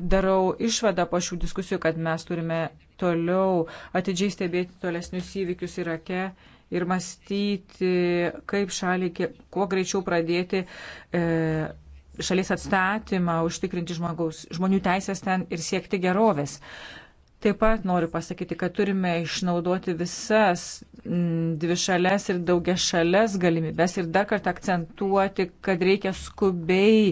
darau išvadą po šių diskusijų, kad mes turime toliau atidžiai stebėti tolesnius įvykius Irake ir mąstyti, kaip šaliai kuo greičiau pradėti e, šalies atstatymą, užtikrinti žmogaus, žmonių teisės ten ir siekti gerovės. E, Taip pat noriu pasakyti, kad turime išnaudoti visas mm, dvi šalias ir daugia šalias galimybės ir dar kartą akcentuoti, kad reikia skubiai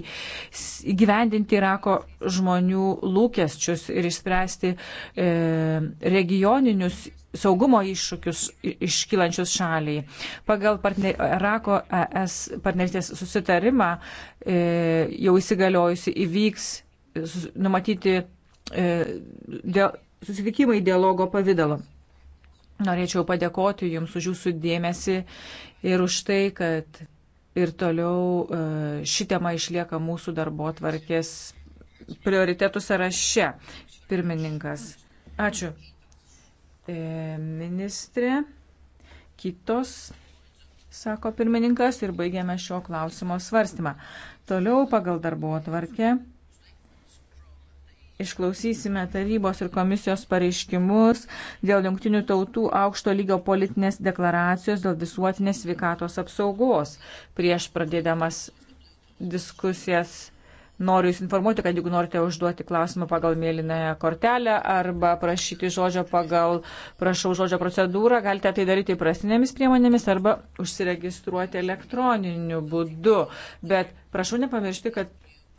įgyvendinti Irako žmonių lūkesčius ir išspręsti e, regioninius saugumo iššūkius iškylančius šaliai. Pagal partner, Irako ES partnerystės susitarimą e, jau įsigaliojusi įvyks numatyti e, dėl susitikimai dialogo pavydalu. Norėčiau padėkoti Jums už Jūsų dėmesį ir už tai, kad ir toliau e, ši tema išlieka mūsų darbo tvarkės prioritetų sąraše. Pirmininkas. Ačiū. E, ministrė. Kitos, sako pirmininkas, ir baigiame šio klausimo svarstymą. Toliau pagal darbo tvarkę. Išklausysime tarybos ir komisijos pareiškimus dėl jungtinių tautų aukšto lygio politinės deklaracijos dėl visuotinės sveikatos apsaugos. Prieš pradėdamas diskusijas noriu Jūs informuoti, kad jeigu norite užduoti klausimą pagal mėlynąją kortelę arba prašyti žodžio pagal prašau žodžio procedūrą, galite tai daryti įprastinėmis priemonėmis arba užsiregistruoti elektroniniu būdu. Bet prašau nepamiršti, kad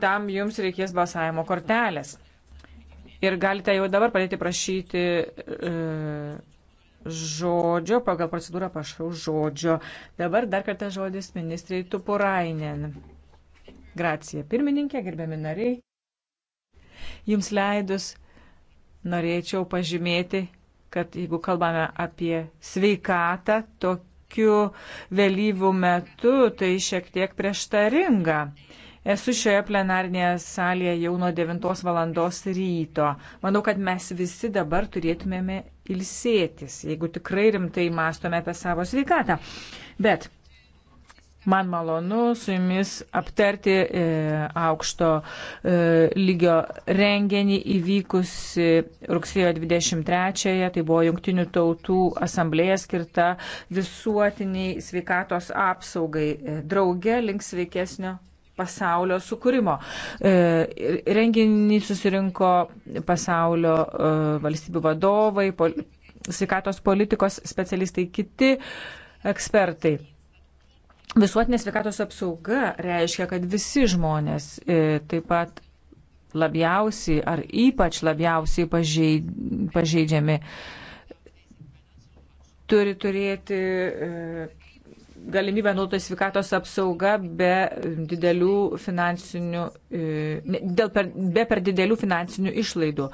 tam Jums reikės balsavimo kortelės ir galite jau dabar pradėti prašyti e, žodžio, pagal procedūrą prašau žodžio. Dabar dar kartą žodis ministrai Tupurainen. Gracija pirmininkė, gerbiami nariai. Jums leidus norėčiau pažymėti, kad jeigu kalbame apie sveikatą tokiu vėlyvų metu, tai šiek tiek prieštaringa. Esu šioje plenarinėje salėje jau nuo 9 valandos ryto. Manau, kad mes visi dabar turėtumėme ilsėtis, jeigu tikrai rimtai mąstome apie savo sveikatą. Bet man malonu su jumis aptarti e, aukšto e, lygio renginį įvykusi rugsėjo 23-ąją. Tai buvo Junktinių tautų asamblėje skirta visuotiniai sveikatos apsaugai. E, drauge link sveikesnio pasaulio sukūrimo. E, renginį susirinko pasaulio e, valstybių vadovai, pol, sveikatos politikos specialistai, kiti ekspertai. Visuotinė sveikatos apsauga reiškia, kad visi žmonės, e, taip pat labiausiai ar ypač labiausiai pažeid, pažeidžiami, turi turėti e, galimybę naudotis sveikatos apsauga be didelių finansinių, e, dėl per, be per didelių finansinių išlaidų.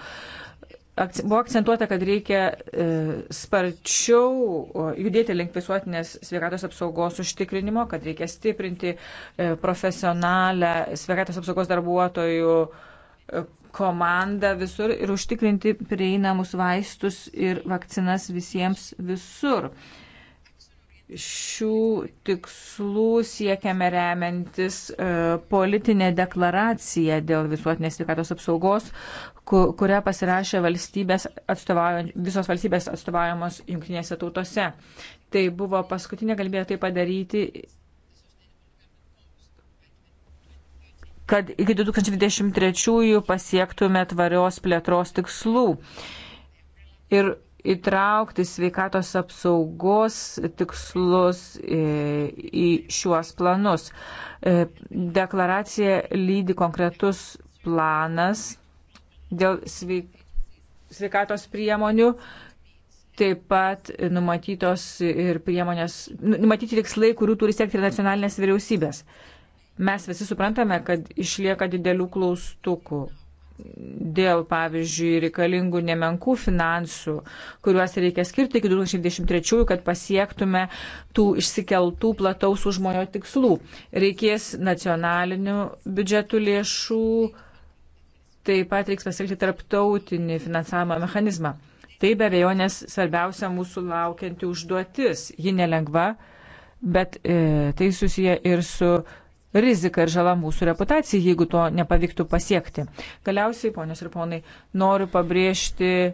Buvo akcentuota, kad reikia e, sparčiau judėti link visuotinės sveikatos apsaugos užtikrinimo, kad reikia stiprinti e, profesionalę sveikatos apsaugos darbuotojų komandą visur ir užtikrinti prieinamus vaistus ir vakcinas visiems visur. Uh, šių tikslų siekiame remiantis e, politinė deklaracija dėl visuotinės sveikatos apsaugos, ku, kurią pasirašė valstybės visos valstybės atstovaujamos jungtinėse tautose. Tai buvo paskutinė galimybė tai padaryti, kad iki 2023 pasiektume tvarios plėtros tikslų. Ir įtraukti sveikatos apsaugos tikslus e, į šiuos planus. E, deklaracija lydi konkretus planas dėl sveikatos priemonių, taip pat numatytos ir priemonės, nu, numatyti tikslai, kurių turi siekti ir nacionalinės vyriausybės. Mes visi suprantame, kad išlieka didelių klaustukų dėl, pavyzdžiui, reikalingų nemenkų finansų, kuriuos reikia skirti iki 2023, kad pasiektume tų išsikeltų plataus užmojo tikslų. Reikės nacionalinių biudžetų lėšų, taip pat reiks pasiekti tarptautinį finansavimo mechanizmą. Tai be abejo, nes svarbiausia mūsų laukianti užduotis. Ji nelengva, bet e, tai susiję ir su rizika ir žala mūsų reputacijai, jeigu to nepavyktų pasiekti. Galiausiai, ponios ir ponai, noriu pabrėžti e,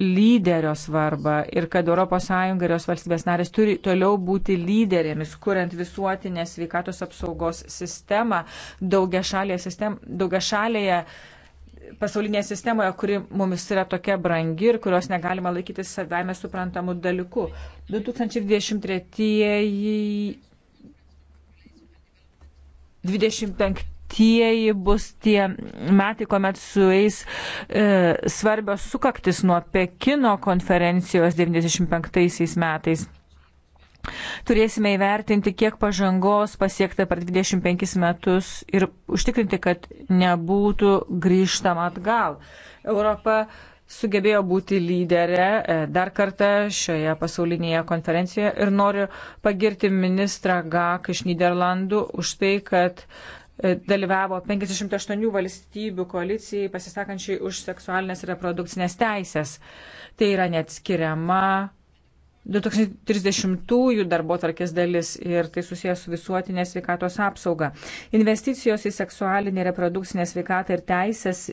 lyderio svarbą ir kad ES ir jos valstybės narės turi toliau būti lyderėmis, kuriant visuotinę sveikatos apsaugos sistemą daugia šalėje, sistem, daugia šalėje pasaulinėje sistemoje, kuri mums yra tokia brangi ir kurios negalima laikyti savame suprantamų dalykų. 2023 25-ieji bus tie metai, kuomet sueis e, svarbios sukaktis nuo Pekino konferencijos 95-aisiais metais. Turėsime įvertinti, kiek pažangos pasiekta per 25 metus ir užtikrinti, kad nebūtų grįžtama atgal. Europa sugebėjo būti lyderė e, dar kartą šioje pasaulinėje konferencijoje ir noriu pagirti ministrą Gak iš Niderlandų už tai, kad e, dalyvavo 58 valstybių koalicijai pasisakančiai už seksualinės ir reprodukcinės teisės. Tai yra neatskiriama 2030-ųjų darbo tarkės dalis ir tai susijęs su visuotinė sveikatos apsauga. Investicijos į seksualinį reprodukcinę sveikatą ir teisės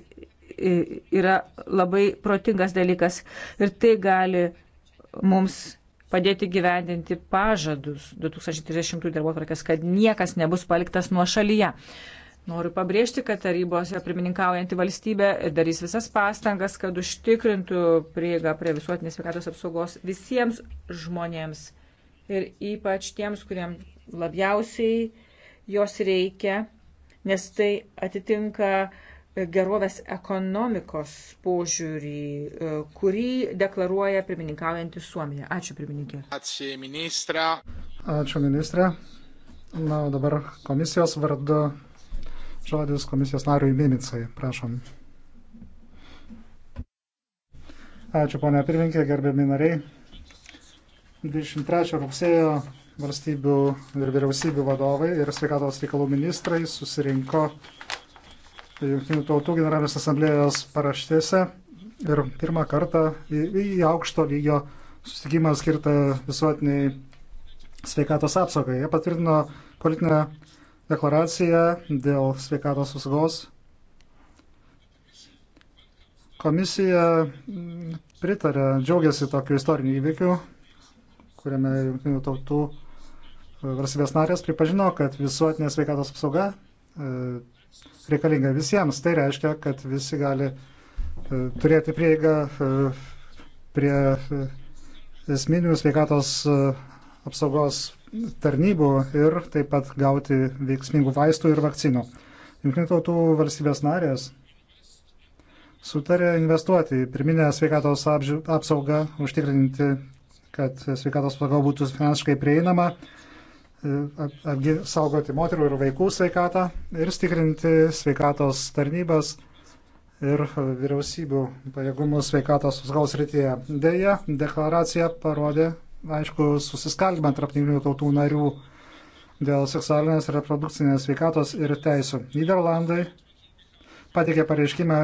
yra labai protingas dalykas ir tai gali mums padėti gyvendinti pažadus 2030 darbo tvarkės, kad niekas nebus paliktas nuo šalyje. Noriu pabrėžti, kad tarybos yra pirmininkaujanti valstybė ir darys visas pastangas, kad užtikrintų prieigą prie visuotinės sveikatos apsaugos visiems žmonėms ir ypač tiems, kuriems labiausiai jos reikia, nes tai atitinka uh, gerovės ekonomikos požiūrį, e, kurį deklaruoja pirmininkaujantį Suomiją. Ačiū, pirmininkė. Ačiū, ministra. Ačiū, ministra. Na, dabar komisijos vardu žodis komisijos nariui Mimicai. Prašom. Ačiū, ponia pirmininkė, gerbėmi nariai. 23 rugsėjo valstybių ir vyriausybių vadovai ir sveikatos reikalų ministrai susirinko Junktinių tautų generalinės asamblėjos paraštėse ir pirmą kartą į, į aukšto lygio susitikimą skirtą visuotiniai sveikatos apsaugai. Jie patvirtino politinę deklaraciją dėl sveikatos apsaugos. Komisija pritarė, džiaugiasi tokiu istoriniu įvykiu, kuriame Junktinių tautų valstybės narės pripažino, kad visuotinė sveikatos apsauga e, reikalinga visiems. Tai reiškia, kad visi gali e, turėti prieigą e, prie e, esminių sveikatos apsaugos tarnybų ir taip pat gauti veiksmingų vaistų ir vakcinų. Junktinių tautų valstybės narės sutarė investuoti į pirminę sveikatos apsaugą, užtikrinti, kad sveikatos apsauga būtų finansiškai prieinama E, apgi, saugoti moterų ir vaikų sveikatą ir stiprinti sveikatos tarnybas ir vyriausybių pajėgumus sveikatos apsaugos rytyje. Deja, deklaracija parodė, aišku, susiskaldimą tarp jungtinių tautų narių dėl seksualinės ir reprodukcinės sveikatos ir teisų. Niderlandai pateikė pareiškimą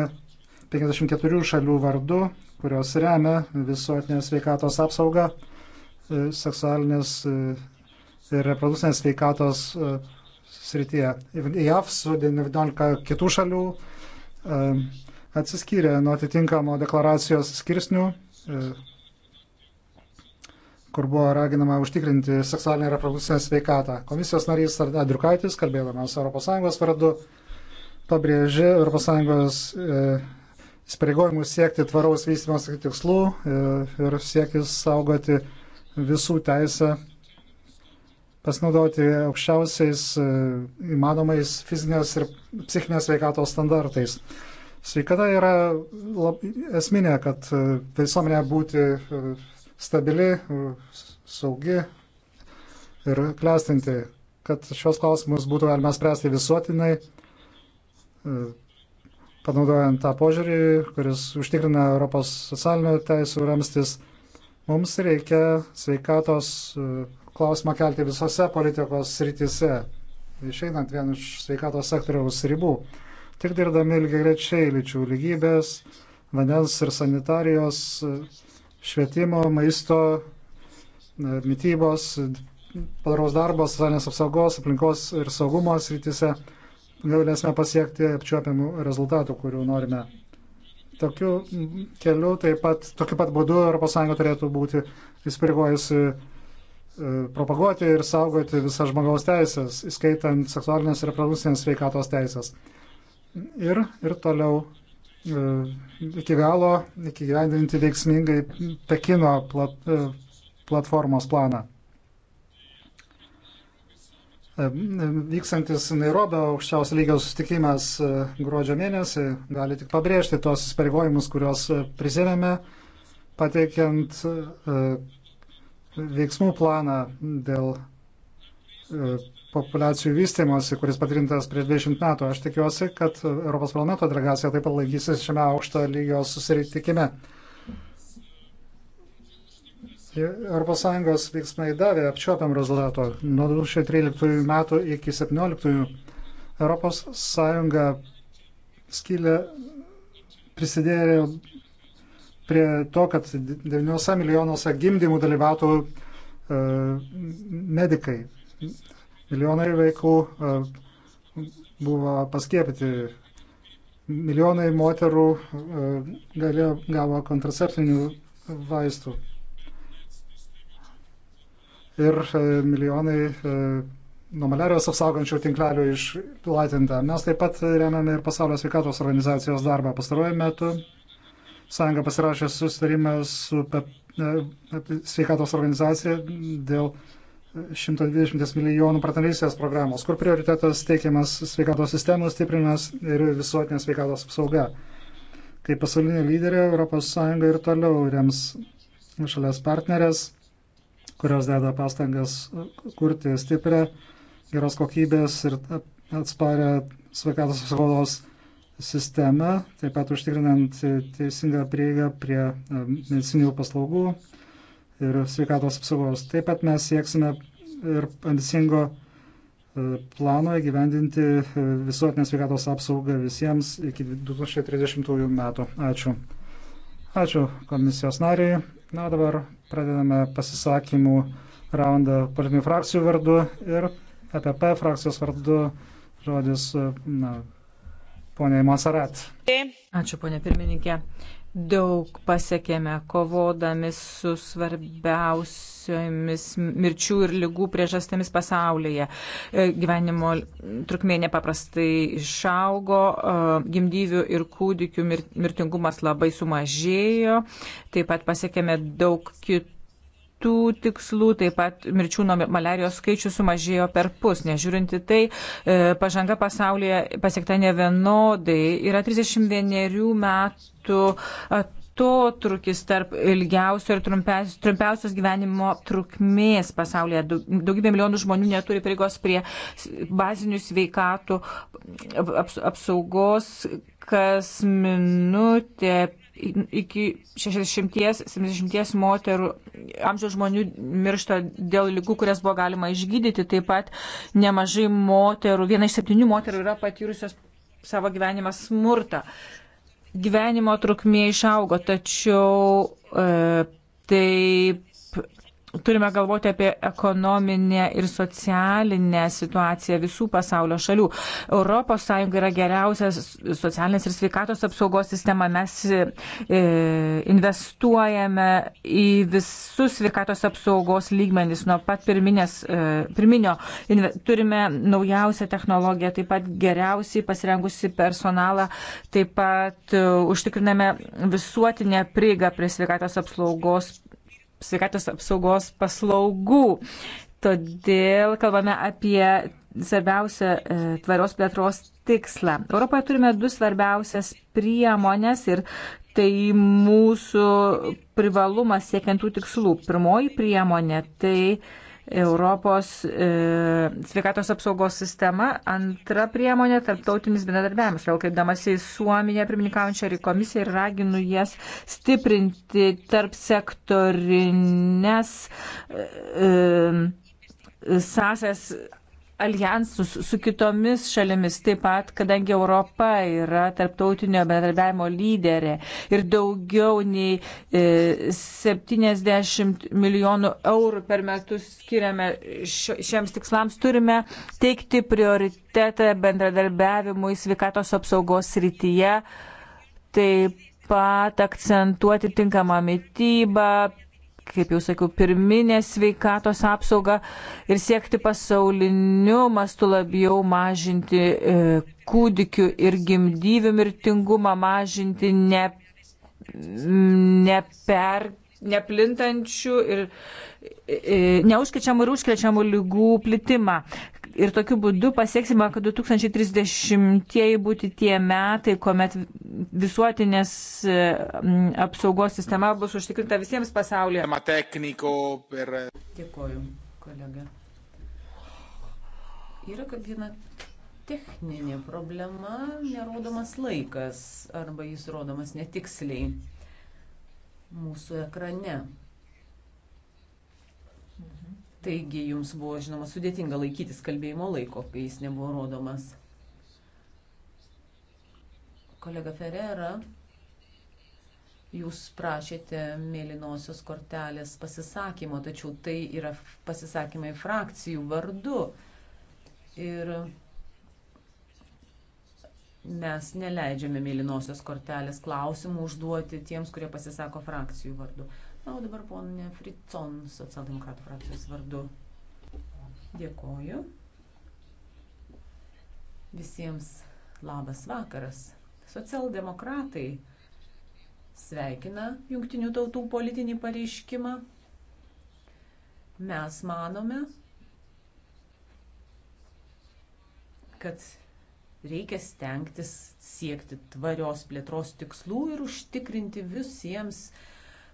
54 šalių vardu, kurios remia visuotinę sveikatos apsaugą, e, seksualinės e, ir reprodukcinės sveikatos e, srityje. JAV su 19 kitų šalių e, atsiskyrė nuo atitinkamo deklaracijos skirsnių, e, kur buvo raginama užtikrinti seksualinę reprodukcinę sveikatą. Komisijos narys Adriukaitis, kalbėdamas ES vardu, pabrėžė ES įsipareigojimus siekti tvaraus vystimosi tikslų ir siekis saugoti visų teisę pasinaudoti aukščiausiais e, įmanomais fizinės ir psichinės veikatos standartais. Sveikata yra lab, esminė, kad e, visuomenė būti e, stabili, saugi ir klestinti, kad šios klausimus būtų galima spręsti visuotinai, panaudojant tą požiūrį, kuris užtikrina Europos socialinių teisų ramstis. Mums reikia sveikatos klausimą kelti visose politikos srityse, išeinant vien iš sveikatos sektoriaus ribų. Tik dirbdami lygiai grečiai lyčių lygybės, vandens ir sanitarijos, švietimo, maisto, mytybos, padaraus darbo, socialinės apsaugos, aplinkos ir saugumo srityse galėsime pasiekti apčiuopiamų rezultatų, kurių norime. Tokiu keliu taip pat, tokiu pat būdu ES turėtų būti įsipareigojusi E, propaguoti ir saugoti visas žmogaus teisės, įskaitant seksualinės ir reprodukcinės sveikatos teisės. Ir, ir toliau e, iki galo, iki gyvendinti veiksmingai Pekino plat, e, platformos planą. Vyksantis Nairobio aukščiausio lygio susitikimas gruodžio mėnesį gali tik pabrėžti tos įsipareigojimus, kuriuos prisėmėme, pateikiant veiksmų planą dėl e, populiacijų vystimosi, kuris patvirtintas prieš 20 metų. Aš tikiuosi, kad Europos parlamento delegacija taip pat laikysis šiame aukšto lygio susitikime. ES veiksmai davė apčiopiam rezultato. Nuo 2013 metų iki 2017 ES skylė prisidėjo prie to, kad 9 milijonuose gimdymų dalyvautų e, medikai. Milijonai vaikų e, buvo paskiepyti, milijonai moterų e, galėjo, gavo kontraceptinių vaistų. Ir e, milijonai e, nuo malerijos apsaugančių tinklelių išplatinta. Mes taip pat remiame ir Pasaulio sveikatos organizacijos darbą. Pastaruoju metu sąjunga pasirašė susitarimą su e, sveikatos organizacija dėl 120 milijonų partnerystės programos, kur prioritetas teikiamas sveikatos sistemos stiprinimas ir visuotinė sveikatos apsauga. Kaip pasaulinė lyderė, ES ir toliau rems šalies partnerės, kurios deda pastangas kurti stiprią, geros kokybės ir atsparę sveikatos apsaugos sistemą, taip pat užtikrinant teisingą prieigą prie e, medicinių paslaugų ir sveikatos apsaugos. Taip pat mes sieksime ir ambicingo e, plano įgyvendinti e, visuotinę sveikatos apsaugą visiems iki 2030 metų. Ačiū. Ačiū komisijos nariai. Na, dabar pradedame pasisakymų raundą politinių frakcijų vardu ir EPP frakcijos vardu žodis na, Pone Masarat. Ačiū, ponė pirmininkė. Daug pasiekėme kovodami su svarbiausiomis mirčių ir lygų priežastėmis pasaulyje. E, gyvenimo trukmė nepaprastai išaugo, e, gimdyvių ir kūdikių mirtingumas labai sumažėjo, taip pat pasiekėme daug kitų kitų tikslų, taip pat mirčių nuo malerijos skaičius sumažėjo per pus. Nežiūrinti tai, e, pažanga pasaulyje pasiekta ne vienodai. Yra 31 metų atotrukis tarp ilgiausio ir trumpiausios gyvenimo trukmės pasaulyje. Daugybė milijonų žmonių neturi prieigos prie bazinių sveikatų apsaugos kas minutė iki 60-70 moterų amžiaus žmonių miršta dėl lygų, kurias buvo galima išgydyti. Taip pat nemažai moterų, viena iš septynių moterų yra patyrusios savo gyvenimą smurtą. Gyvenimo trukmė išaugo, tačiau e, taip turime galvoti apie ekonominę ir socialinę situaciją visų pasaulio šalių. ES yra geriausias socialinės ir sveikatos apsaugos sistema. Mes e, investuojame į visus sveikatos apsaugos lygmenys nuo pat pirminės, e, pirminio. Inve, turime naujausią technologiją, taip pat geriausiai pasirengusi personalą, taip pat e, užtikriname visuotinę prieigą prie sveikatos apsaugos sveikatos apsaugos paslaugų. Todėl kalbame apie svarbiausią e, tvarios plėtros tikslą. Europoje turime du svarbiausias priemonės ir tai mūsų privalumas siekiant tų tikslų. Pirmoji priemonė tai Europos e, sveikatos apsaugos sistema. Antra priemonė - tarptautinis bendradarbiavimas. Vėl kreipdamas į Suomiją, pirmininkaujančią ir komisiją ir raginu jas stiprinti tarp sektorinės. E, e, sąsės alijansus su kitomis šalimis, taip pat, kadangi Europa yra tarptautinio bendradarbiavimo lyderė ir daugiau nei 70 e, milijonų eurų per metus skiriame šiems tikslams, turime teikti prioritetą bendradarbiavimui sveikatos apsaugos srityje, taip pat akcentuoti tinkamą mytybą, kaip jau sakiau, pirminę sveikatos apsaugą ir siekti pasauliniu mastu labiau mažinti e, kūdikių ir gimdyvių mirtingumą, mažinti ne, neper, neplintančių ir e, e, neužkrečiamų ir užkrečiamų lygų plitimą. Ir tokiu būdu pasieksime, kad 2030-ieji būti tie metai, kuomet visuotinės e, apsaugos sistema bus užtikrinta visiems pasaulyje. Per... Dėkoju, kolega. Yra kad viena techninė problema, nerodomas laikas arba jis rodomas netiksliai mūsų ekrane. Taigi jums buvo, žinoma, sudėtinga laikytis kalbėjimo laiko, kai jis nebuvo rodomas. Kolega Ferrera, jūs prašėte mėlynosios kortelės pasisakymo, tačiau tai yra pasisakymai frakcijų vardu. Ir mes neleidžiame mėlynosios kortelės klausimų užduoti tiems, kurie pasisako frakcijų vardu. Na, o dabar ponė Fritson, socialdemokratų frakcijos vardu. Dėkoju. Visiems labas vakaras. Socialdemokratai sveikina jungtinių tautų politinį pareiškimą. Mes manome, kad reikia stengtis siekti tvarios plėtros tikslų ir užtikrinti visiems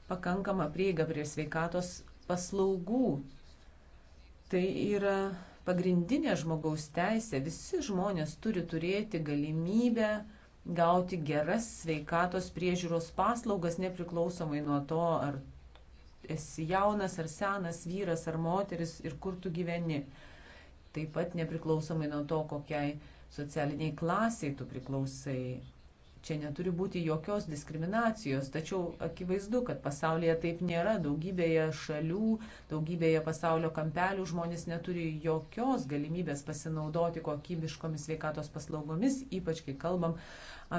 pakankamą prieigą prie sveikatos paslaugų. Tai yra pagrindinė žmogaus teisė. Visi žmonės turi turėti galimybę gauti geras sveikatos priežiūros paslaugas, nepriklausomai nuo to, ar esi jaunas ar senas vyras ar moteris ir kur tu gyveni. Taip pat nepriklausomai nuo to, kokiai socialiniai klasiai tu priklausai. Čia neturi būti jokios diskriminacijos, tačiau akivaizdu, kad pasaulyje taip nėra. Daugybėje šalių, daugybėje pasaulio kampelių žmonės neturi jokios galimybės pasinaudoti kokybiškomis sveikatos paslaugomis, ypač kai kalbam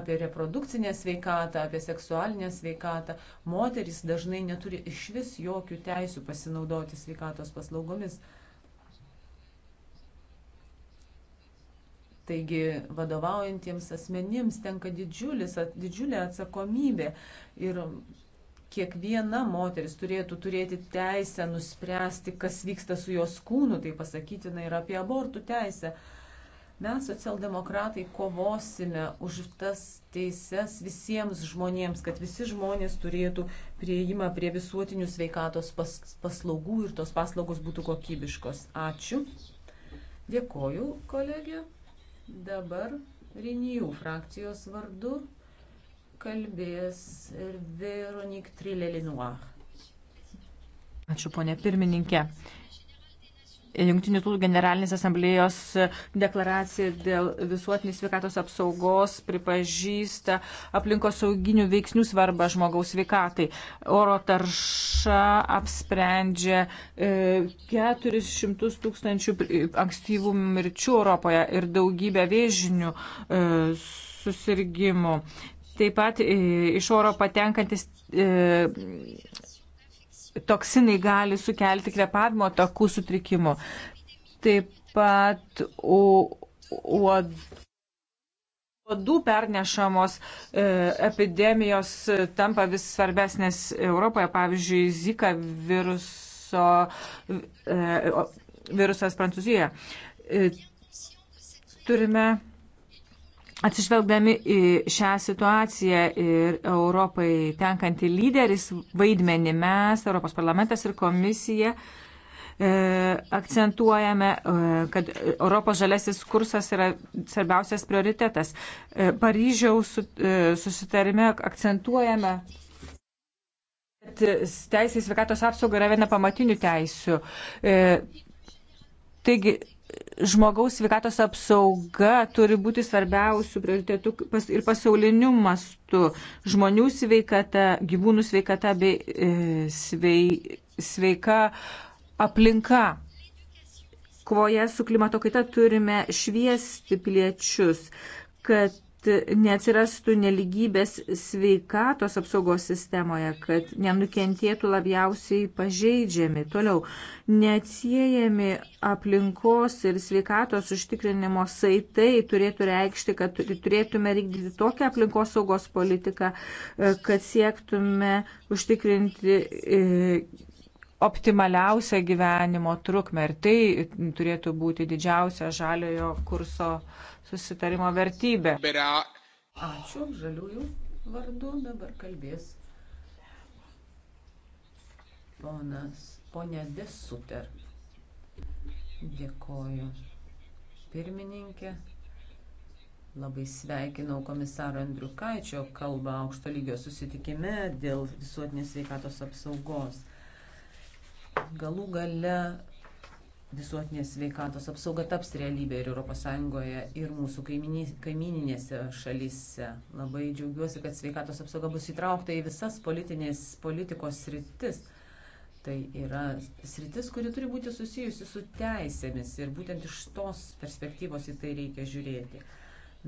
apie reprodukcinę sveikatą, apie seksualinę sveikatą. Moteris dažnai neturi iš vis jokių teisų pasinaudoti sveikatos paslaugomis. Taigi vadovaujantiems asmenims tenka didžiulis, didžiulė atsakomybė ir kiekviena moteris turėtų turėti teisę nuspręsti, kas vyksta su jos kūnu, tai pasakytina ir apie abortų teisę. Mes, socialdemokratai, kovosime už tas teises visiems žmonėms, kad visi žmonės turėtų prieimą prie visuotinių sveikatos pas, paslaugų ir tos paslaugos būtų kokybiškos. Ačiū. Dėkoju, kolegė. Dabar Renew frakcijos vardu kalbės Veronique Trilelinoir. Ačiū, ponė pirmininkė. Junktinių tautų generalinės asamblėjos deklaracija dėl visuotinės sveikatos apsaugos pripažįsta aplinkos sauginių veiksnių svarbą žmogaus sveikatai. Oro tarša apsprendžia 400 e, tūkstančių ankstyvų mirčių Europoje ir daugybę vėžinių e, susirgymų. Taip pat e, iš oro patenkantis toksinai gali sukelti krepavimo takų sutrikimų. Taip pat uodų pernešamos e, epidemijos tampa vis svarbesnės Europoje, pavyzdžiui, Zika viruso, e, virusas Prancūzijoje. E, turime Atsižvelgdami į šią situaciją ir Europai tenkantį lyderis vaidmenį mes, Europos parlamentas ir komisija, e, akcentuojame, e, kad Europos žalesis kursas yra svarbiausias prioritetas. E, Paryžiaus susitarime akcentuojame, kad teisės sveikatos apsauga yra viena pamatinių teisių. Taigi, žmogaus sveikatos apsauga turi būti svarbiausių prioritetų ir pasauliniu mastu. Žmonių sveikata, gyvūnų sveikata bei e, svei, sveika aplinka. Kovoje su klimato kaita turime šviesti piliečius, kad neatsirastų neligybės sveikatos apsaugos sistemoje, kad nenukentėtų labiausiai pažeidžiami. Toliau, neatsiejami aplinkos ir sveikatos užtikrinimo saitai turėtų reikšti, kad turėtume vykdyti tokią aplinkos saugos politiką, e, kad siektume užtikrinti e, optimaliausią gyvenimo trukmę ir tai turėtų būti didžiausia žaliojo kurso susitarimo vertybė. Ačiū, žaliųjų vardu dabar kalbės ponas, ponė Desuter. Dėkoju pirmininkė. Labai sveikinau komisaro Andriukaičio kalbą aukšto lygio susitikime dėl visuotinės sveikatos apsaugos galų gale visuotinės sveikatos apsauga taps realybė ir ES, ir mūsų kaimininėse šalyse. Labai džiaugiuosi, kad sveikatos apsauga bus įtraukta į visas politinės politikos sritis. Tai yra sritis, kuri turi būti susijusi su teisėmis ir būtent iš tos perspektyvos į tai reikia žiūrėti.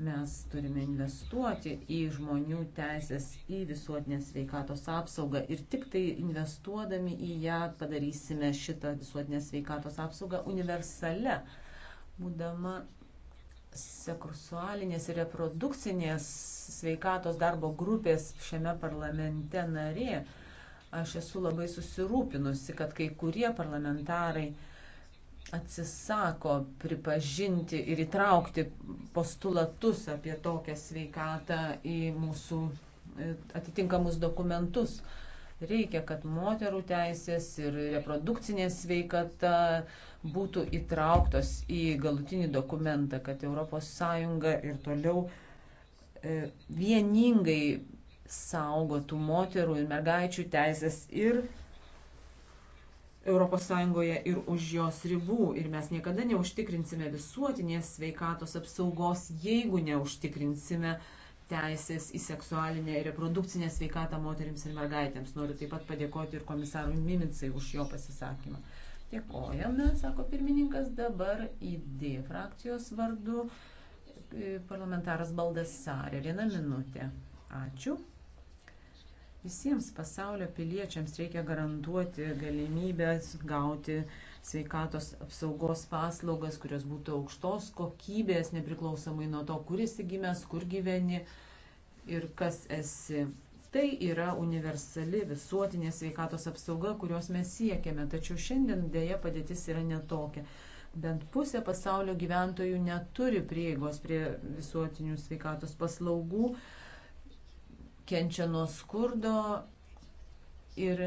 Mes turime investuoti į žmonių teisės, į visuotinės veikatos apsaugą ir tik tai investuodami į ją padarysime šitą visuotinės veikatos apsaugą universale, būdama seksualinės ir reprodukcinės sveikatos darbo grupės šiame parlamente narė. Aš esu labai susirūpinusi, kad kai kurie parlamentarai uh, atsisako pripažinti ir įtraukti postulatus apie tokią sveikatą į mūsų e, atitinkamus dokumentus. Reikia, kad moterų teisės ir reprodukcinė sveikata būtų įtrauktos į galutinį dokumentą, kad ES ir toliau e, vieningai saugotų moterų ir mergaičių teisės ir ES ir už jos ribų. Ir mes niekada neužtikrinsime visuotinės sveikatos apsaugos, jeigu neužtikrinsime teisės į seksualinę ir reprodukcinę sveikatą moteriams ir mergaitėms. Noriu taip pat padėkoti ir komisarui Mimicai už jo pasisakymą. Dėkojame, sako pirmininkas, dabar ID frakcijos vardu e, parlamentaras Baldas Sarė. Viena minutė. Ačiū. Visiems pasaulio piliečiams reikia garantuoti galimybės gauti sveikatos apsaugos paslaugas, kurios būtų aukštos kokybės, nepriklausomai nuo to, kur esi gimęs, kur gyveni ir kas esi. Tai yra universali visuotinė sveikatos apsauga, kurios mes siekiame, tačiau šiandien dėja padėtis yra netokia. Bent pusė pasaulio gyventojų neturi prieigos prie visuotinių sveikatos paslaugų, kenčia nuo skurdo ir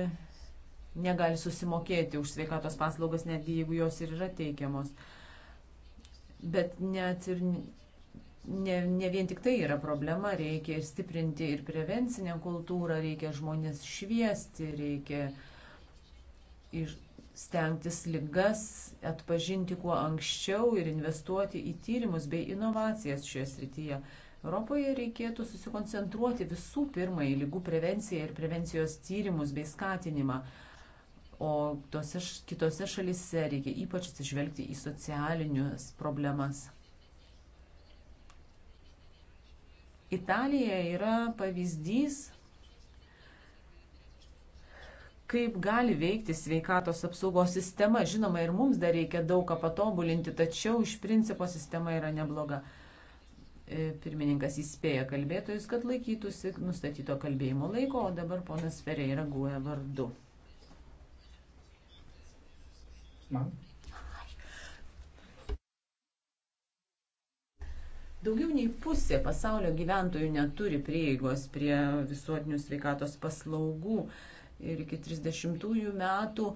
negali susimokėti už sveikatos paslaugas, netgi jeigu jos ir yra teikiamos. Bet net ir ne, ne vien tik tai yra problema, reikia ir stiprinti ir prevencinę kultūrą, reikia žmonės šviesti, reikia ir stengtis ligas atpažinti kuo anksčiau ir investuoti į tyrimus bei inovacijas šioje srityje. Europoje reikėtų susikoncentruoti visų pirma į lygų prevenciją ir prevencijos tyrimus bei skatinimą, o tose, kitose šalise reikia ypač atsižvelgti į socialinius problemas. Italija yra pavyzdys, kaip gali veikti sveikatos apsaugos sistema. Žinoma, ir mums dar reikia daug ką patobulinti, tačiau iš principo sistema yra nebloga. E, pirmininkas įspėja kalbėtojus, kad laikytųsi nustatyto kalbėjimo laiko, o dabar ponas Ferreira guoja vardu. Man. Daugiau nei pusė pasaulio gyventojų neturi prieigos prie visuotinių sveikatos paslaugų ir iki 30 metų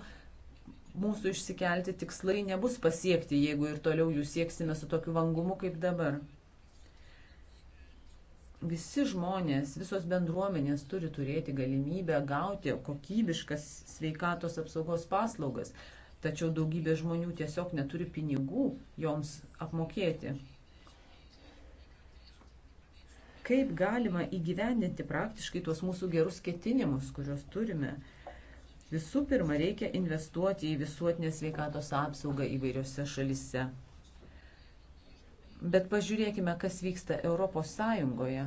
mūsų išsikelti tikslai nebus pasiekti, jeigu ir toliau jų sieksime su tokiu vangumu kaip dabar visi žmonės, visos bendruomenės turi turėti galimybę gauti kokybiškas sveikatos apsaugos paslaugas, tačiau daugybė žmonių tiesiog neturi pinigų joms apmokėti. Kaip galima įgyvendinti praktiškai tuos mūsų gerus ketinimus, kuriuos turime? Visų pirma, reikia investuoti į visuotinę sveikatos apsaugą įvairiose šalise. Bet pažiūrėkime, kas vyksta Europos Sąjungoje.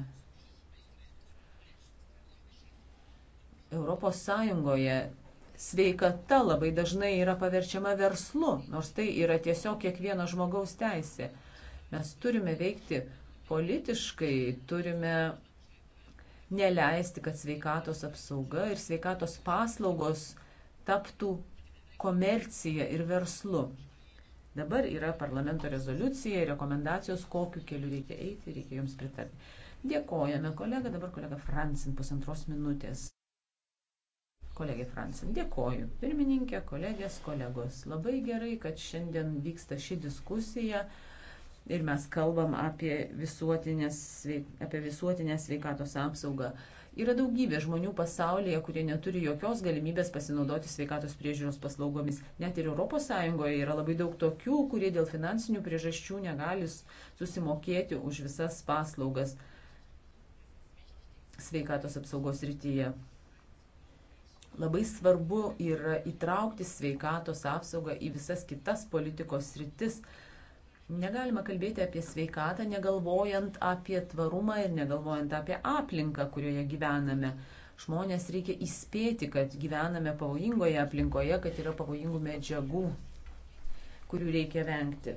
Europos Sąjungoje sveikata labai dažnai yra paverčiama verslu, nors tai yra tiesiog kiekvieno žmogaus teisė. Mes turime veikti politiškai, turime neleisti, kad sveikatos apsauga ir sveikatos paslaugos taptų komercija ir verslu. Dabar yra parlamento rezoliucija ir rekomendacijos, kokiu keliu reikia eiti, reikia joms pritarti. Dėkojame, kolega, dabar kolega Francin, pusantros minutės. Kolegė Francin, dėkoju. Pirmininkė, kolegės, kolegos, labai gerai, kad šiandien vyksta ši diskusija ir mes kalbam apie visuotinę, apie visuotinę sveikatos apsaugą. Yra daugybė žmonių pasaulyje, kurie neturi jokios galimybės pasinaudoti sveikatos priežiūros paslaugomis. Net ir ES yra labai daug tokių, kurie dėl finansinių priežasčių negali susimokėti už visas paslaugas sveikatos apsaugos rytyje labai svarbu yra įtraukti sveikatos apsaugą į visas kitas politikos sritis, Negalima kalbėti apie sveikatą, negalvojant apie tvarumą ir negalvojant apie aplinką, kurioje gyvename. Žmonės reikia įspėti, kad gyvename pavojingoje aplinkoje, kad yra pavojingų medžiagų, kurių reikia vengti.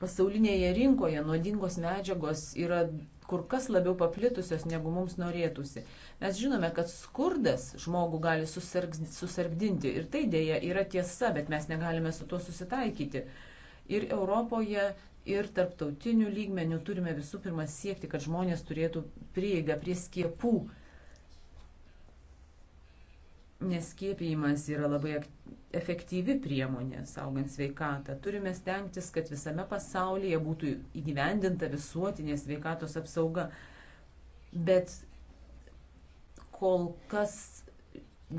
Pasaulinėje rinkoje nuodingos medžiagos yra kur kas labiau paplitusios, negu mums norėtųsi. Mes žinome, kad skurdas žmogų gali susirg, susirgdinti ir tai dėja yra tiesa, bet mes negalime su tuo susitaikyti. Ir Europoje, ir tarptautinių lygmenių turime visų pirma siekti, kad žmonės turėtų prieigą prie skiepų. Neskiepijimas yra labai efektyvi priemonė saugant sveikatą. Turime stengtis, kad visame pasaulyje būtų įgyvendinta visuotinė sveikatos apsauga. Bet kol kas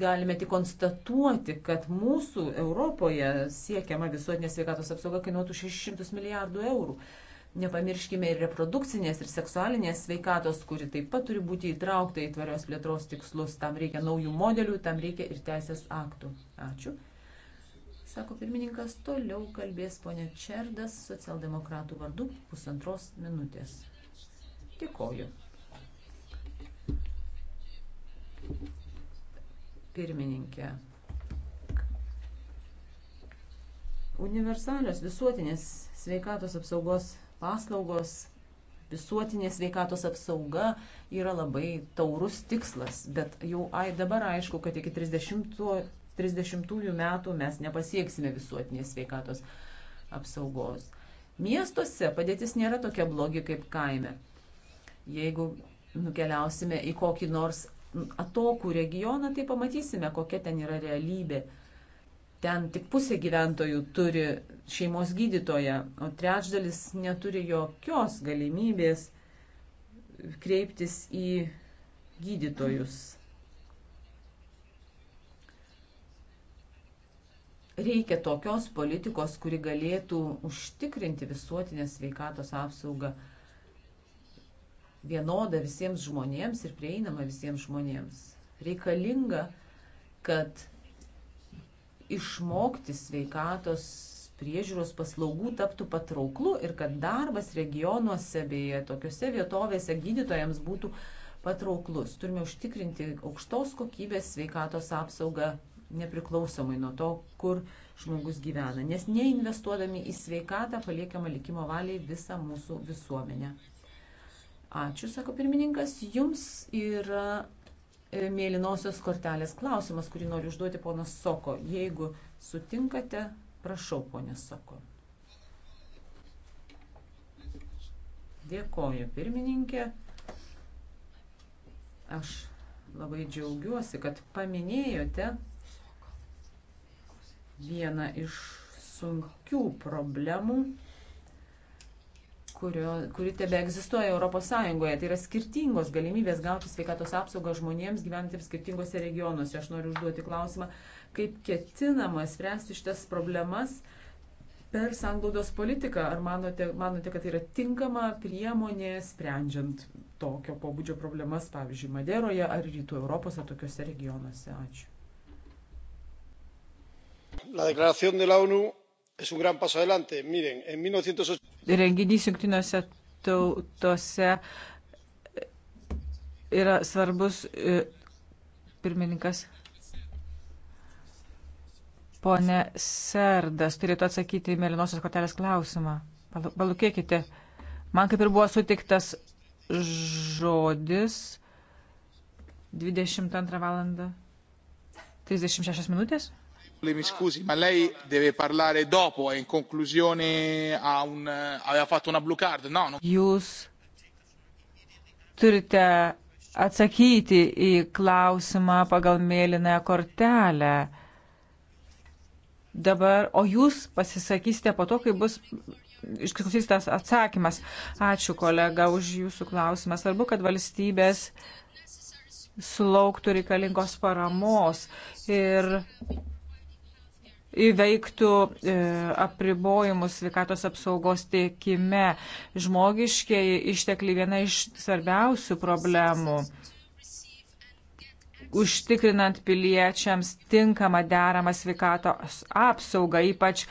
galime tik konstatuoti, kad mūsų Europoje siekiama visuotinė sveikatos apsauga kainuotų 600 milijardų eurų. Nepamirškime ir reprodukcinės, ir seksualinės sveikatos, kuri taip pat turi būti įtraukta į tvarios plėtros tikslus. Tam reikia naujų modelių, tam reikia ir teisės aktų. Ačiū. Sako pirmininkas, toliau kalbės ponia Čerdas socialdemokratų vardu pusantros minutės. Dėkoju. Pirmininkė. Universalios visuotinės sveikatos apsaugos paslaugos, visuotinė sveikatos apsauga yra labai taurus tikslas, bet jau ai, dabar aišku, kad iki 30, 30 metų mes nepasieksime visuotinės sveikatos apsaugos. Miestuose padėtis nėra tokia blogi kaip kaime. Jeigu nukeliausime į kokį nors atokų regioną, tai pamatysime, kokia ten yra realybė. Ten tik pusė gyventojų turi šeimos gydytoją, o trečdalis neturi jokios galimybės kreiptis į gydytojus. Reikia tokios politikos, kuri galėtų užtikrinti visuotinės sveikatos apsaugą vienoda visiems žmonėms ir prieinama visiems žmonėms. Reikalinga, kad išmokti sveikatos priežiūros paslaugų taptų patrauklu ir kad darbas regionuose bei tokiuose vietovėse gydytojams būtų patrauklus. Turime užtikrinti aukštos kokybės sveikatos apsaugą nepriklausomai nuo to, kur žmogus gyvena, nes neinvestuodami į sveikatą paliekama likimo valiai visą mūsų visuomenę. Ačiū, sako pirmininkas. Jums yra e, mėlynosios kortelės klausimas, kurį noriu užduoti ponas Soko. Jeigu sutinkate, prašau, ponas Soko. Dėkoju, pirmininkė. Aš labai džiaugiuosi, kad paminėjote vieną iš sunkių problemų kurio, kuri tebe egzistuoja ES. Tai yra skirtingos galimybės gauti sveikatos apsaugą žmonėms gyventiems skirtingose regionuose. Aš noriu užduoti klausimą, kaip ketinama spręsti šitas problemas per sanglaudos politiką. Ar manote, manote, kad tai yra tinkama priemonė sprendžiant tokio pobūdžio problemas, pavyzdžiui, Maderoje ar Rytų Europos ar tokiuose regionuose? Ačiū. La declaración de la ONU es un gran paso adelante. Miren, en 1980 renginys jungtiniuose tautose yra svarbus e, pirmininkas. Pone Serdas turėtų atsakyti į Melinosios kortelės klausimą. Palūkėkite. Man kaip ir buvo sutiktas žodis 22 val. 36 minutės le mi scusi ma lei deve parlare dopo e in conclusione ha un, aveva fatto una blue card. No, no. Jūs turite atsakyti į klausimą pagal mėlynąją kortelę. Dabar, o jūs pasisakysite po to, kai bus išklausys tas atsakymas. Ačiū kolega už jūsų klausimą. Svarbu, kad valstybės sulauktų reikalingos paramos ir įveiktų e, apribojimus sveikatos apsaugos tiekime. Žmogiškiai ištekliai viena iš svarbiausių problemų. Užtikrinant piliečiams tinkamą deramą sveikatos apsaugą, ypač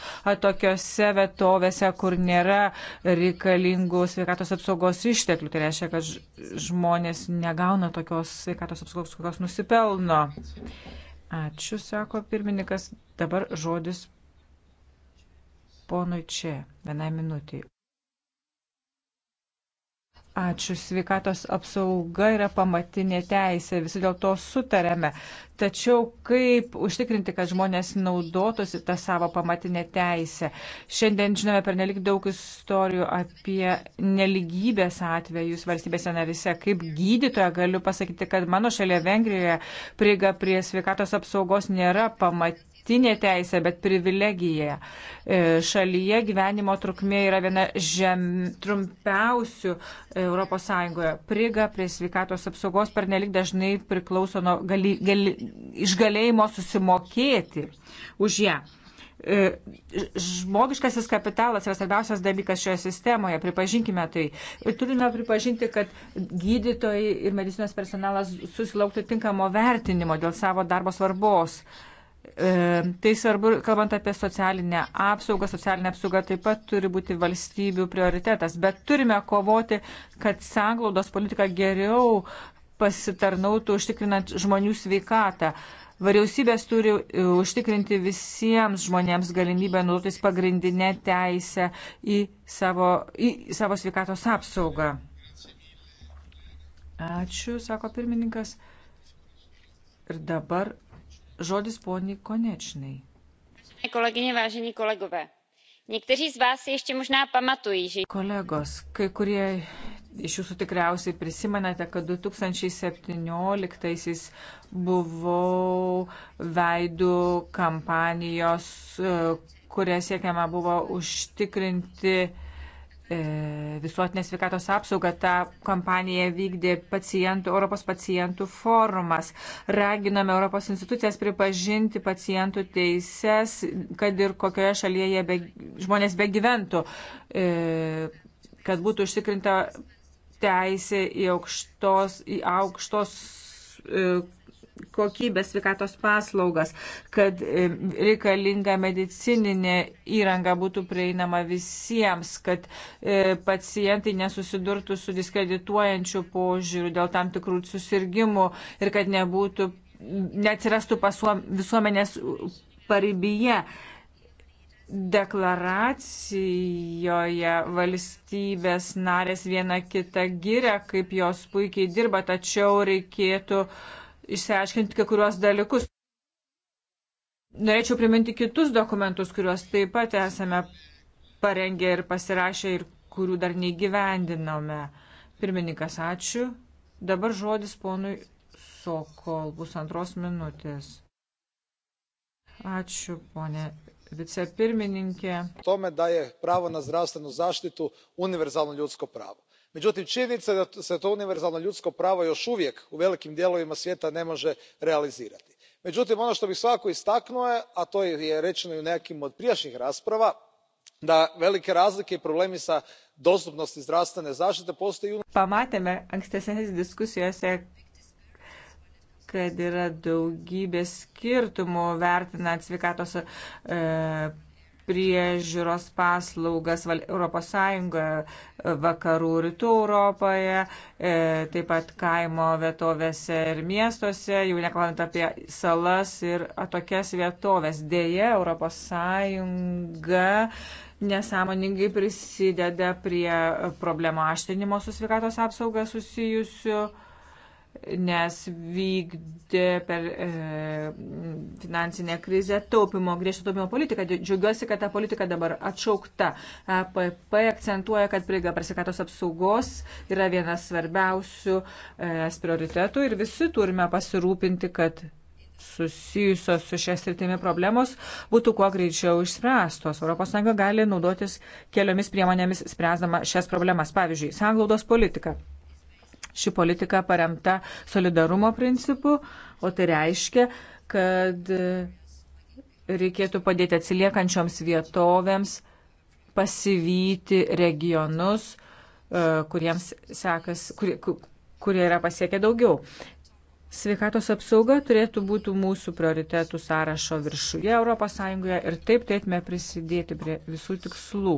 tokiose vietovėse, kur nėra reikalingų sveikatos apsaugos išteklių. Tai reiškia, kad žmonės negauna tokios sveikatos apsaugos, kokios nusipelno. Ačiū, sako pirmininkas. Dabar žodis ponui čia. Vienai minutiai. Ačiū. Sveikatos apsauga yra pamatinė teisė, visi dėl to sutarėme. Tačiau kaip užtikrinti, kad žmonės naudotųsi tą savo pamatinę teisę? Šiandien žinome per nelik daug istorijų apie neligybės atvejus valstybėse narise. Kaip gydytoja galiu pasakyti, kad mano šalia Vengrijoje prieiga prie sveikatos apsaugos nėra pamatinė įprastinė teisė, bet privilegija. E, šalyje gyvenimo trukmė yra viena žem, trumpiausių ES. Priga prie sveikatos apsaugos per nelik dažnai priklauso nuo gali, gali, išgalėjimo susimokėti už ją e, žmogiškasis kapitalas yra svarbiausias dalykas šioje sistemoje, pripažinkime tai. Ir turime pripažinti, kad gydytojai ir medicinos personalas susilauktų tinkamo vertinimo dėl savo darbo svarbos. Uh, E, tai svarbu, kalbant apie socialinę apsaugą, socialinė apsauga taip pat turi būti valstybių prioritetas, bet turime kovoti, kad sanglaudos politika geriau pasitarnautų užtikrinant žmonių sveikatą. Vyriausybės turi užtikrinti visiems žmonėms galimybę naudotis pagrindinę teisę į savo, į savo sveikatos apsaugą. Ačiū, sako pirmininkas. Ir dabar Žodis poniai konečnai. Kolegyne, vážení kolegové, niektorí z vás ešte možná pamatují, že... Kolegos, kai kurie iš jūsų tikriausiai prisimenate, tai kad 2017-aisiais buvau veidų kampanijos, e, kuria siekiama buvo užtikrinti E, visuotinės sveikatos apsaugą. Ta kampanija vykdė pacientų, Europos pacientų forumas. Raginame Europos institucijas pripažinti pacientų teises, kad ir kokioje šalyje jie be, žmonės begyventų, e, kad būtų užtikrinta teisė į aukštos, į aukštos e, kokybės sveikatos paslaugas, kad e, reikalinga medicininė įranga būtų prieinama visiems, kad e, pacientai nesusidurtų su diskredituojančiu požiūriu dėl tam tikrų susirgymų ir kad nebūtų, neatsirastų pasuom, visuomenės paribyje. Deklaracijoje valstybės narės viena kita giria, kaip jos puikiai dirba, tačiau reikėtų uh, išsiaiškinti kai kuriuos dalykus. Norėčiau priminti kitus dokumentus, kuriuos taip pat esame parengę ir pasirašę ir kurių dar neįgyvendinome. Pirmininkas, ačiū. Dabar žodis ponui Sokol bus antros minutės. Ačiū, ponė vicepirmininkė. Tome daje pravo na zdravstvenu zaštitu univerzalno ljudsko pravo međutim činjenica je da se to univerzalno ljudsko pravo još uvijek u velikim dijelovima svijeta ne može realizirati. međutim ono što bih svakako istaknuo a to je rečeno i u nekim od prijašnjih rasprava da velike razlike i problemi s dostupnosti zdravstvene zaštite postoje i. pamatėme ankstesnėse diskusijose kad yra daugybė skirtumų vertinant sveikatos e, priežiūros paslaugas ES, vakarų rytų Europoje, e, taip pat kaimo vietovėse ir miestuose, jau nekalbant apie salas ir tokias vietovės. Deja, ES nesąmoningai prisideda prie problemų aštinimo su sveikatos apsauga susijusiu nes vykdė per e, finansinę krizę taupimo, griežto taupimo politiką. Džiaugiuosi, kad ta politika dabar atšaukta. APP e akcentuoja, kad prieiga prie sveikatos apsaugos yra vienas svarbiausių e, prioritetų ir visi turime pasirūpinti, kad susijusios su šią sritimi problemos būtų kuo greičiau išspręstos. ES gali naudotis keliomis priemonėmis spręsdama šias problemas, pavyzdžiui, sanglaudos politika Ši politika paremta solidarumo principu, o tai reiškia, kad reikėtų padėti atsiliekančioms vietovėms pasivyti regionus, e, kuriems sekas, kur, kurie yra pasiekę daugiau. Sveikatos apsauga turėtų būti mūsų prioritetų sąrašo viršuje ES ir taip turėtume prisidėti prie visų tikslų.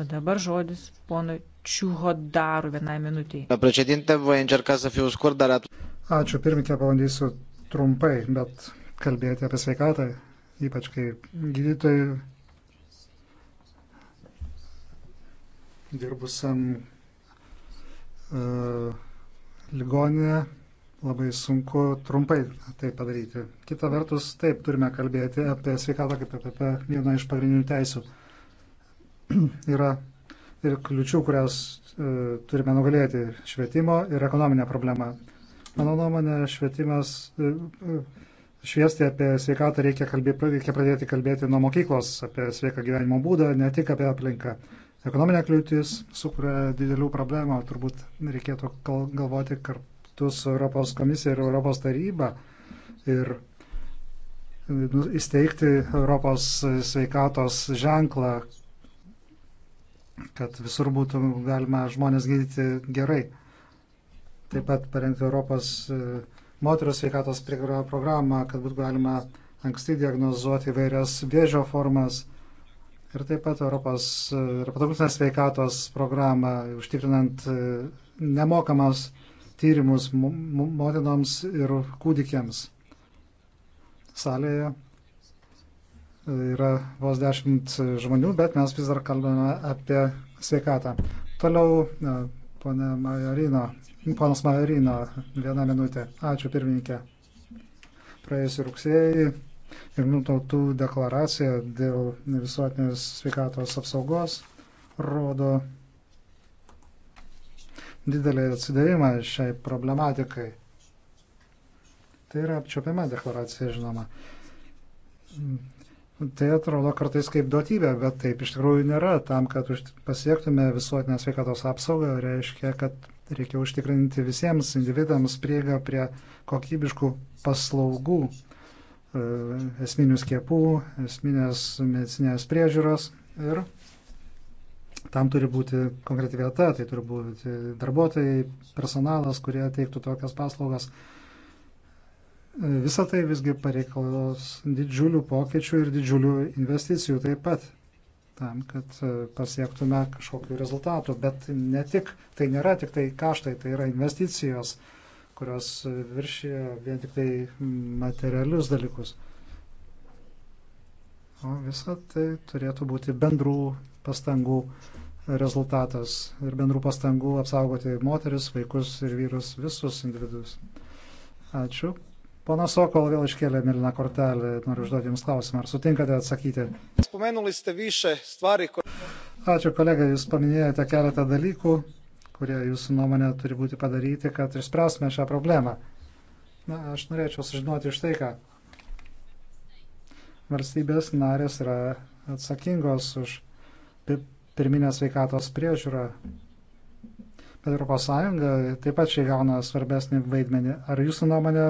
O dabar žodis ponui Čiuhodaru vienai minutiai. Ačiū, pirmininkė, pabandysiu trumpai, bet kalbėti apie sveikatą, ypač kai gydytojai dirbusiam uh, ligoninėje labai sunku trumpai tai padaryti. Kita vertus, taip turime kalbėti apie sveikatą kaip apie vieną iš pagrindinių teisų. yra ir kliučių, kurias e, turime nugalėti - švietimo ir ekonominė problema. Mano nuomonė, švietimas, e, e, šviesti apie sveikatą reikia, kalbė, reikia pradėti kalbėti nuo mokyklos, apie sveiką gyvenimo būdą, ne tik apie aplinką. Ekonominė kliūtis sukuria didelių problemų, turbūt reikėtų galvoti kartu su Europos komisija ir Europos taryba ir e, nu, įsteigti Europos sveikatos ženklą, kad visur būtų galima žmonės gydyti gerai. Taip pat parengti Europos e, moterų sveikatos programą, kad būtų galima anksti diagnozuoti vairias vėžio formas. Ir taip pat Europos e, reputacinės sveikatos programą, užtikrinant e, nemokamas tyrimus motinoms ir kūdikiams. Salėje yra vos dešimt žmonių, bet mes vis dar kalbame apie sveikatą. Toliau, e, ponė Majorino, ponas Majorino, vieną minutę. Ačiū pirmininkė. Praėjusį rugsėjį Junktinių tautų deklaracija dėl visuotinės sveikatos apsaugos rodo didelį atsidavimą šiai problematikai. Tai yra apčiopiama deklaracija, žinoma. Tai atrodo kartais kaip duotybė, bet taip iš tikrųjų nėra. Tam, kad pasiektume visuotinę sveikatos apsaugą, reiškia, kad reikia užtikrinti visiems individams prieigą prie kokybiškų paslaugų, e, esminių skiepų, esminės medicinės priežiūros ir tam turi būti konkreti vieta, tai turi būti darbuotojai, personalas, kurie teiktų tokias paslaugas. Visą tai visgi pareikalaus didžiulių pokyčių ir didžiulių investicijų taip pat, tam, kad e, pasiektume kažkokių rezultatų. Bet ne tik, tai nėra tik tai kaštai, tai yra investicijos, kurios e, viršyje vien tik tai materialius dalykus. O visa tai turėtų būti bendrų pastangų rezultatas ir bendrų pastangų apsaugoti moteris, vaikus ir vyrus, visus individus. Ačiū. Pana Sokol vėl iškėlė Mirliną kortelę, noriu užduoti Jums klausimą, ar sutinkate atsakyti? Ačiū kolega, Jūs paminėjote keletą dalykų, kurie Jūsų nuomonė turi būti padaryti, kad išspręsime šią problemą. Na, aš norėčiau sužinoti iš tai, ką valstybės narės yra atsakingos už pirminę sveikatos priežiūrą Bet Europos Sąjunga taip pat čia gauna svarbesnį vaidmenį. Ar jūsų nuomonė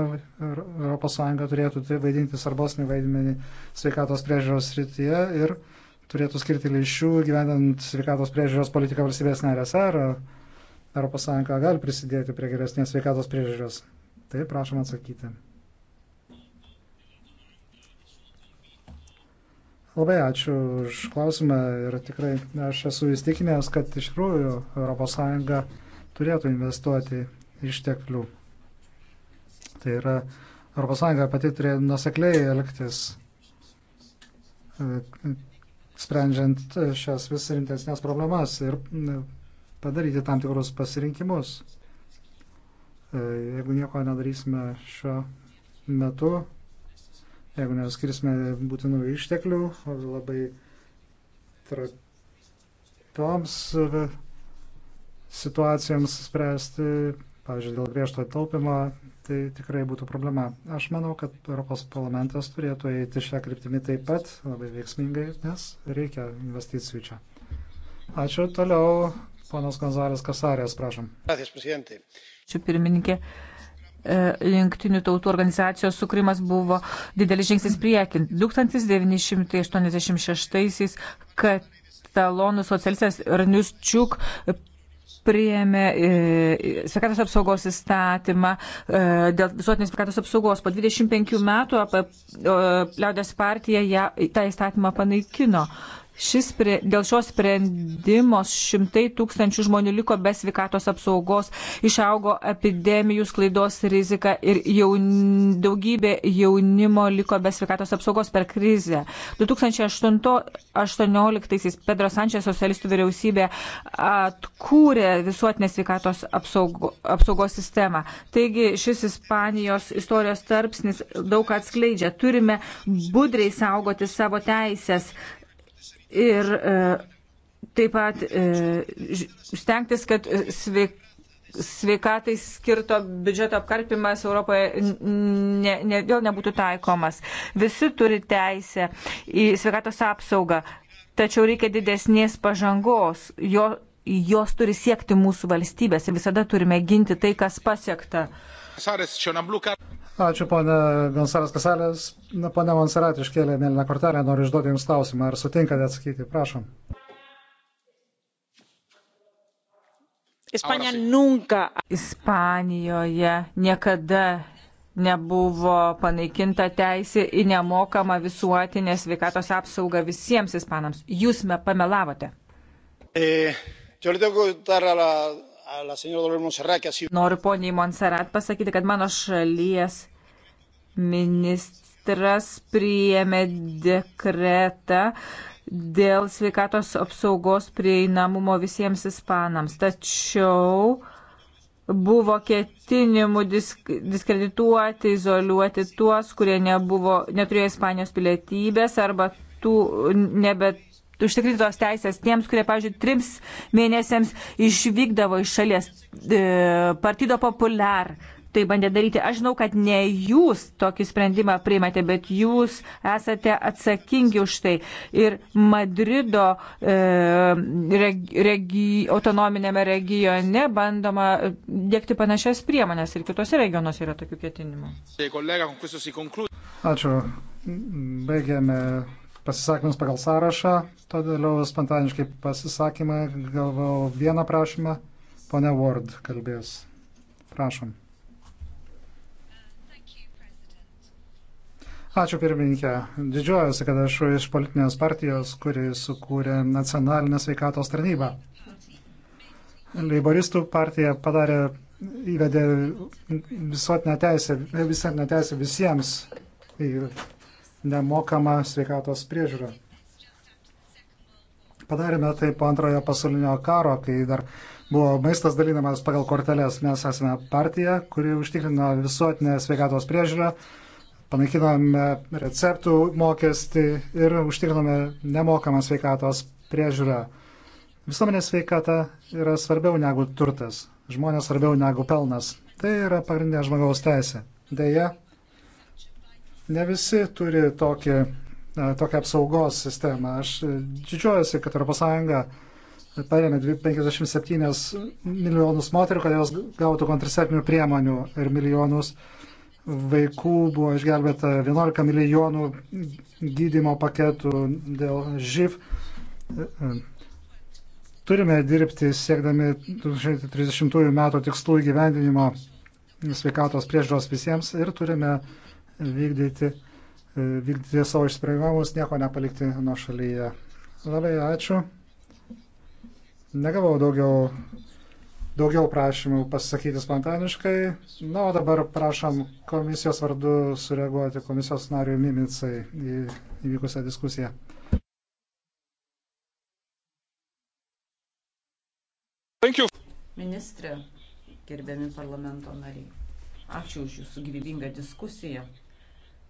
Europos Sąjunga turėtų tai vaidinti svarbesnį vaidmenį sveikatos priežiūros srityje ir turėtų skirti lėšų gyvenant sveikatos priežiūros politiką valstybės narėse? Ar Europos Sąjunga gali prisidėti prie geresnės sveikatos priežiūros? Taip, prašom atsakyti. Labai ačiū už klausimą ir tikrai aš esu įstikinęs, kad iš tikrųjų ES turėtų investuoti išteklių. Tai yra ES pati turėtų nusekliai elgtis, e, sprendžiant šias vis rimtesnės problemas ir e, padaryti tam tikrus pasirinkimus. E, jeigu nieko nedarysime šiuo metu, Jeigu neskirsime būtinų išteklių labai trapioms e, situacijoms spręsti, pavyzdžiui, dėl griežto taupimo, tai tikrai būtų problema. Aš manau, kad Europos parlamentas turėtų eiti šią kryptimį taip pat labai veiksmingai, nes reikia investicijų čia. Ačiū. Toliau ponas Gonzalės Kasarės, prašom. Ačiū pirmininkė. E, Junktinių tautų organizacijos sukūrimas buvo didelis žingsnis priekin. 1986-aisiais katalonų socialistas Arnius Čiuk priėmė e, sveikatos apsaugos įstatymą e, dėl visuotinės sveikatos apsaugos. Po 25 metų apie Liaudės partiją ją, tą įstatymą panaikino. Šis, dėl šios sprendimos šimtai tūkstančių žmonių liko be sveikatos apsaugos, išaugo epidemijų sklaidos rizika ir jaun, daugybė jaunimo liko be sveikatos apsaugos per krizę. 2018-aisiais Pedro Sančias socialistų vyriausybė atkūrė visuotinę sveikatos apsaugo, apsaugos sistemą. Taigi šis Ispanijos istorijos tarpsnis daug atskleidžia. Turime budriai saugoti savo teisės ir e, taip pat e, stengtis, kad e, sveik, sveikatai skirto biudžeto apkarpimas Europoje ne, ne, vėl nebūtų taikomas. Visi turi teisę į sveikatos apsaugą, tačiau reikia didesnės pažangos. Jo, jos turi siekti mūsų valstybės ir visada turime ginti tai, kas pasiekta. Ačiū, ponė Gonsaras Kasalės. Pone Monserat iškėlė mėlyną kortelę, noriu išduoti Jums klausimą. Ar sutinkate atsakyti? Prašom. Ispanija nunca. Ispanijoje niekada nebuvo panaikinta teisė į nemokamą visuotinę sveikatos apsaugą visiems ispanams. Jūs me pamelavote. E, Noriu poniai Monserrat pasakyti, kad mano šalies ministras priėmė dekretą dėl sveikatos apsaugos prieinamumo visiems ispanams. Tačiau buvo ketinimų disk diskredituoti, izoliuoti tuos, kurie nebuvo, neturėjo Ispanijos pilietybės arba tų nebet užtikrinti tos teisės tiems, kurie, pavyzdžiui, trims mėnesiams išvykdavo iš šalies e, partido populiar. Tai bandė daryti. Aš žinau, kad ne jūs tokį sprendimą priimate, bet jūs esate atsakingi už tai. Ir Madrido e, regi, autonominėme regione bandoma dėkti panašias priemonės ir kitose regionuose yra tokių ketinimų. Ačiū. Baigėme pasisakymus pagal sąrašą, todėl spontaniškai pasisakymą gavau vieną prašymą. Pone Ward kalbės. Prašom. Ačiū pirmininkė. Didžiuojuosi, kad aš iš politinės partijos, kuri sukūrė nacionalinę sveikatos tarnybą. Leiboristų partija padarė, įvedė visuotinę teisę, visuotinę teisę visiems į nemokamą sveikatos priežiūrą. Padarėme tai po antrojo pasaulinio karo, kai dar buvo maistas dalinamas pagal korteles. Mes esame partija, kuri užtikrina visuotinę sveikatos priežiūrą, panaikinome receptų mokestį ir užtikrinome nemokamą sveikatos priežiūrą. Visuomenės sveikata yra svarbiau negu turtas, žmonės svarbiau negu pelnas. Tai yra pagrindinė žmogaus teisė. Deja, Ne visi turi tokį, e, tokią apsaugos sistemą. Aš e, didžiuojasi, kad ES paremė 57 milijonus moterų, kad jos gautų kontraceptinių priemonių ir milijonus vaikų buvo išgelbėta 11 milijonų gydimo paketų dėl živ. E, turime dirbti siekdami 2030 metų tikslų įgyvendinimo sveikatos priežiūros visiems ir turime uh, vykdyti, e, vykdyti savo išsprendimus, nieko nepalikti nuo šalyje. Labai ačiū. Negavau daugiau, daugiau prašymų pasisakyti spontaniškai. Na, o dabar prašom komisijos vardu sureaguoti komisijos nariui Mimicai į įvykusią diskusiją. Ministrė, gerbiami parlamento nariai, ačiū už jūsų gyvybingą diskusiją.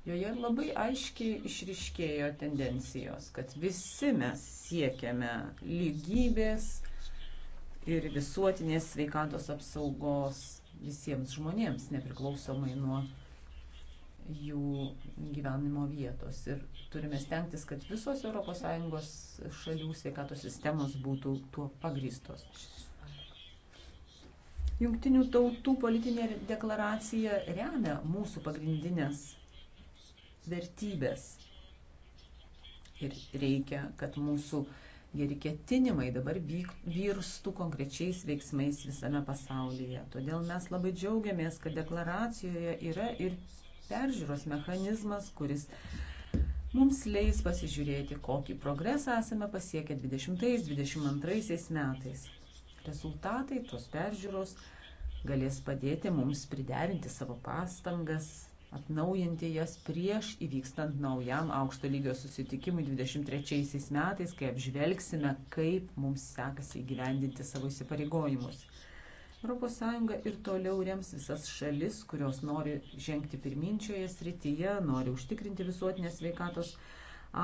Joje labai aiškiai išriškėjo tendencijos, kad visi mes siekiame lygybės ir visuotinės sveikatos apsaugos visiems žmonėms, nepriklausomai nuo jų gyvenimo vietos. Ir turime stengtis, kad visos ES šalių sveikatos sistemos būtų tuo pagristos. Jungtinių tautų politinė deklaracija remia mūsų pagrindinės vertybės. Ir reikia, kad mūsų geri ketinimai dabar virstų konkrečiais veiksmais visame pasaulyje. Todėl mes labai džiaugiamės, kad deklaracijoje yra ir peržiūros mechanizmas, kuris mums leis pasižiūrėti, kokį progresą esame pasiekę 20-22 metais. Rezultatai tos peržiūros galės padėti mums priderinti savo pastangas, atnaujinti jas prieš įvykstant naujam aukšto lygio susitikimui 23 metais, kai apžvelgsime, kaip mums sekasi įgyvendinti savo įsipareigojimus. ES ir toliau rems visas šalis, kurios nori žengti pirminčioje srityje, nori užtikrinti visuotinės veikatos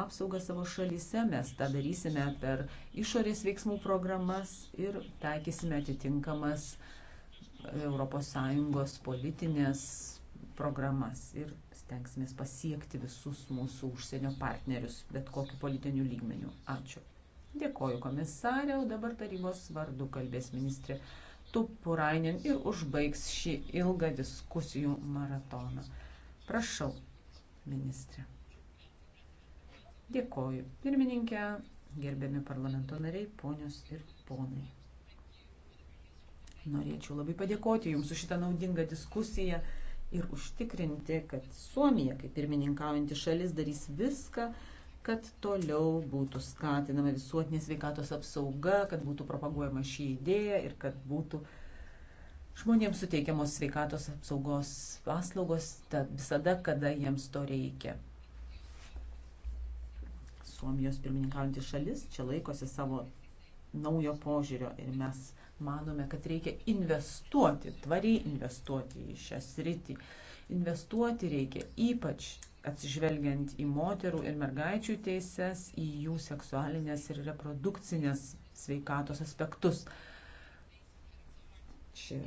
apsaugą savo šalyse. Mes tą darysime per išorės veiksmų programas ir taikysime atitinkamas ES politinės programas ir stengsimės pasiekti visus mūsų užsienio partnerius, bet kokiu politiniu lygmeniu. Ačiū. Dėkoju komisarė, o dabar tarybos vardu kalbės ministrė Tupurainen ir užbaigs šį ilgą diskusijų maratoną. Prašau, ministrė. Dėkoju. Pirmininkė, gerbiami parlamento nariai, ponios ir ponai. Norėčiau labai padėkoti Jums už šitą naudingą diskusiją ir užtikrinti, kad Suomija, kaip pirmininkaujanti šalis, darys viską, kad toliau būtų skatinama visuotinė sveikatos apsauga, kad būtų propaguojama ši idėja ir kad būtų žmonėms suteikiamos sveikatos apsaugos paslaugos visada, kada jiems to reikia. Suomijos pirmininkaujantis šalis čia laikosi savo naujo požiūrio ir mes manome, kad reikia investuoti, tvariai investuoti į šią sritį. Investuoti reikia ypač atsižvelgiant į moterų ir mergaičių teises, į jų seksualinės ir reprodukcinės sveikatos aspektus. Čia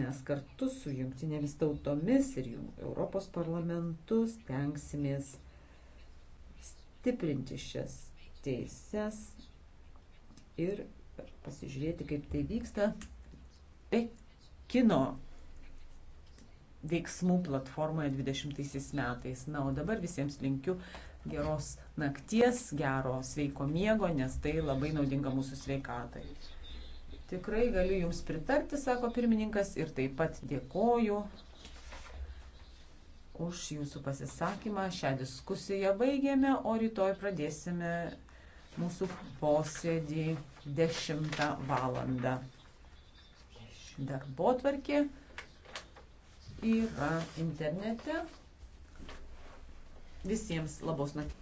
mes kartu su jungtinėmis tautomis ir Europos parlamentu stengsimės stiprinti šias teises ir pasižiūrėti, kaip tai vyksta. Pekino tai veiksmų platformoje 20 metais. Na, o dabar visiems linkiu geros nakties, gero sveiko miego, nes tai labai naudinga mūsų sveikatai. Tikrai galiu Jums pritarti, sako pirmininkas, ir taip pat dėkoju už Jūsų pasisakymą. Šią diskusiją baigėme, o rytoj pradėsime mūsų posėdį 10 valandą. Darbo tvarkė yra internete. Visiems labos nakties.